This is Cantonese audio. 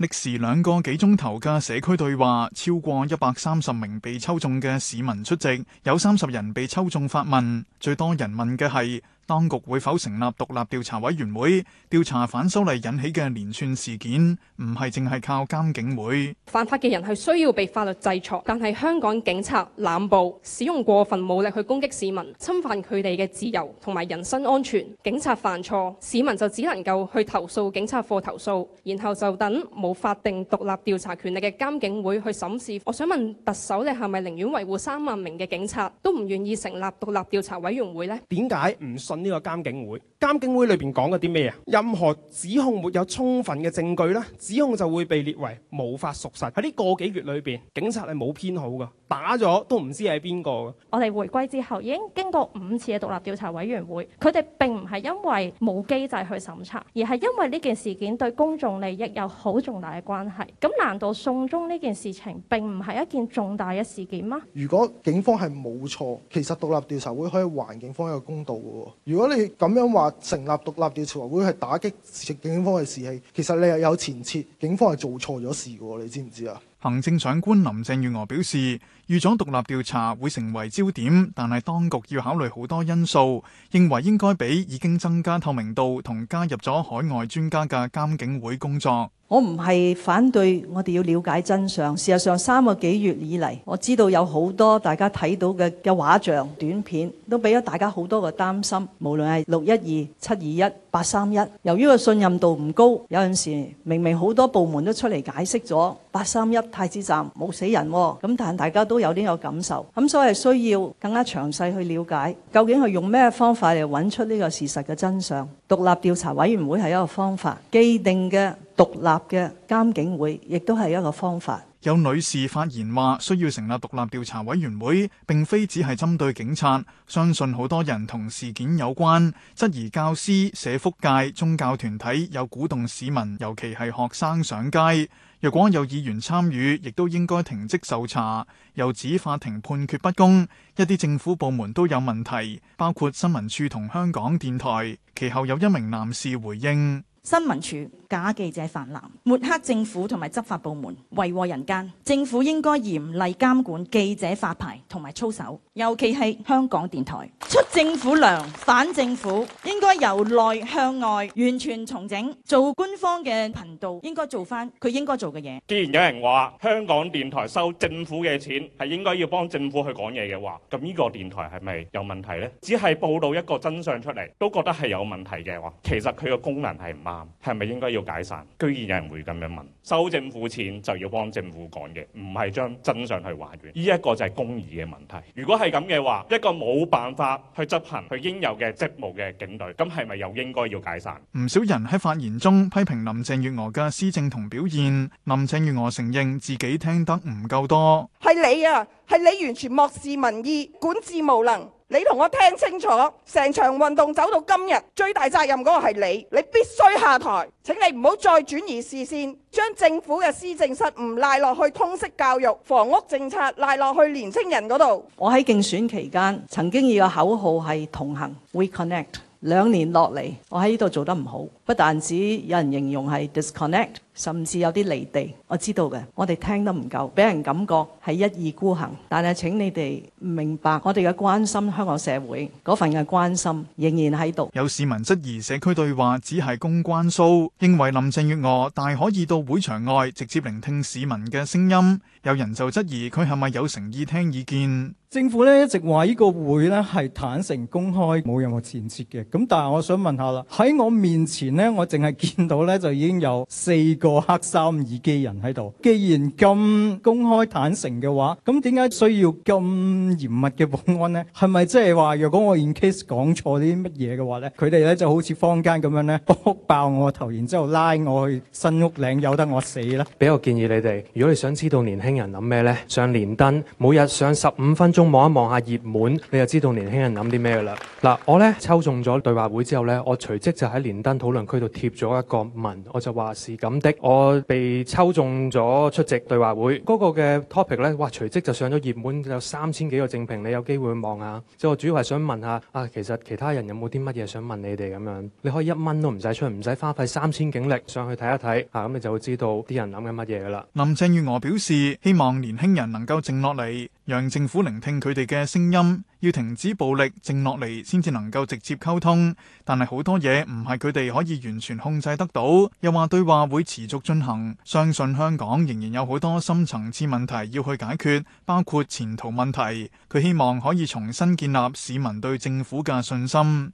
歷時兩個幾鐘頭嘅社區對話，超過一百三十名被抽中嘅市民出席，有三十人被抽中發問，最多人問嘅係：當局會否成立獨立調查委員會調查反修例引起嘅連串事件？唔係淨係靠監警會。犯法嘅人係需要被法律制裁，但係香港警察濫捕，使用過分武力去攻擊市民、侵犯佢哋嘅自由同埋人身安全，警察犯錯，市民就只能夠去投訴警察課投訴，然後就等冇法定獨立調查權力嘅監警會去審視。我想問特首你係咪寧願維護三萬名嘅警察，都唔願意成立獨立調查委員會呢？點解唔信？呢個監警會，監警會裏邊講嘅啲咩啊？任何指控沒有充分嘅證據咧，指控就會被列為無法屬實。喺呢個幾月裏邊，警察係冇編號㗎，打咗都唔知係邊個嘅。我哋回歸之後已經經過五次嘅獨立調查委員會，佢哋並唔係因為冇機制去審查，而係因為呢件事件對公眾利益有好重大嘅關係。咁難道送中呢件事情並唔係一件重大嘅事件嗎？如果警方係冇錯，其實獨立調查會可以還警方一個公道嘅喎。如果你咁樣話成立獨立調查會係打擊警方嘅士氣，其實你又有前設警方係做錯咗事嘅喎，你知唔知啊？行政長官林鄭月娥表示，預咗獨立調查會成為焦點，但係當局要考慮好多因素，認為應該俾已經增加透明度同加入咗海外專家嘅監警會工作。我唔係反對，我哋要了解真相。事實上三個幾月以嚟，我知道有好多大家睇到嘅嘅畫像、短片，都俾咗大家好多嘅擔心，無論係六一二、七二一。八三一，31，由於個信任度唔高，有陣時候明明好多部門都出嚟解釋咗八三一太子站冇死人喎，哦，咁但大家都有啲個感受，咁所以需要更加詳細去了解究竟係用咩方法嚟揾出呢個事實嘅真相。獨立調查委員會係一個方法，既定嘅。獨立嘅監警會亦都係一個方法。有女士發言話：需要成立獨立調查委員會，並非只係針對警察。相信好多人同事件有關，質疑教師、社福界、宗教團體有鼓動市民，尤其係學生上街。若果有議員參與，亦都應該停職受查。又指法庭判決不公，一啲政府部門都有問題，包括新聞處同香港電台。其後有一名男士回應新聞處。假記者泛濫，抹黑政府同埋執法部門，為禍人間。政府應該嚴厲監管記者發牌同埋操守，尤其係香港電台出政府糧反政府，應該由內向外完全重整，做官方嘅頻道，應該做翻佢應該做嘅嘢。既然有人話香港電台收政府嘅錢係應該要幫政府去講嘢嘅話，咁呢個電台係咪有問題呢？只係報導一個真相出嚟都覺得係有問題嘅話，其實佢個功能係唔啱，係咪應該要？解散，居然有人會咁樣問收政府錢就要幫政府講嘅，唔係將真相去還原。呢一個就係公義嘅問題。如果係咁嘅話，一個冇辦法去執行佢應有嘅職務嘅警隊，咁係咪又應該要解散？唔少人喺發言中批評林鄭月娥嘅施政同表現。林鄭月娥承認自己聽得唔夠多，係你啊，係你完全漠視民意，管治無能。你同我聽清楚，成場運動走到今日，最大責任嗰個係你，你必須下台，請你唔好再轉移視線，將政府嘅施政失誤賴落去通識教育、房屋政策賴落去年青人嗰度。我喺競選期間曾經以個口號係同行，We connect。兩年落嚟，我喺呢度做得唔好，不但止有人形容係 disconnect。甚至有啲離地，我知道嘅，我哋聽得唔夠，俾人感覺係一意孤行。但係請你哋明白，我哋嘅關心香港社會嗰份嘅關心仍然喺度。有市民質疑社區對話只係公關 show，認為林鄭月娥大可以到會場外直接聆聽市民嘅聲音。有人就質疑佢係咪有誠意聽意見？政府呢一直話呢個會呢係坦誠公開，冇任何前設嘅。咁但係我想問下啦，喺我面前呢，我淨係見到呢就已經有四個個黑衫耳機人喺度，既然咁公開坦誠嘅話，咁點解需要咁嚴密嘅保安呢？係咪即係話，如果我 in case 講錯啲乜嘢嘅話呢，佢哋咧就好似坊間咁樣呢，扑爆我個頭，然之後拉我去新屋嶺，由得我死啦！俾個建議你哋，如果你想知道年輕人諗咩呢，上連登每日上十五分鐘望一望下熱門，你就知道年輕人諗啲咩噶啦。嗱，我呢，抽中咗對話會之後呢，我隨即就喺連登討論區度貼咗一個文，我就話是咁的。我被抽中咗出席對話會嗰個嘅 topic 咧，哇！隨即就上咗熱門，有三千幾個正評，你有機會去望下。即係我主要係想問下啊，其實其他人有冇啲乜嘢想問你哋咁樣，你可以一蚊都唔使出嚟，唔使花費三千警力上去睇一睇，嚇、啊、咁你就會知道啲人諗緊乜嘢噶啦。林鄭月娥表示，希望年輕人能夠靜落嚟，讓政府聆聽佢哋嘅聲音，要停止暴力，靜落嚟先至能夠直接溝通。但係好多嘢唔係佢哋可以完全控制得到，又話對話會持續進行，相信香港仍然有好多深層次問題要去解決，包括前途問題。佢希望可以重新建立市民對政府嘅信心。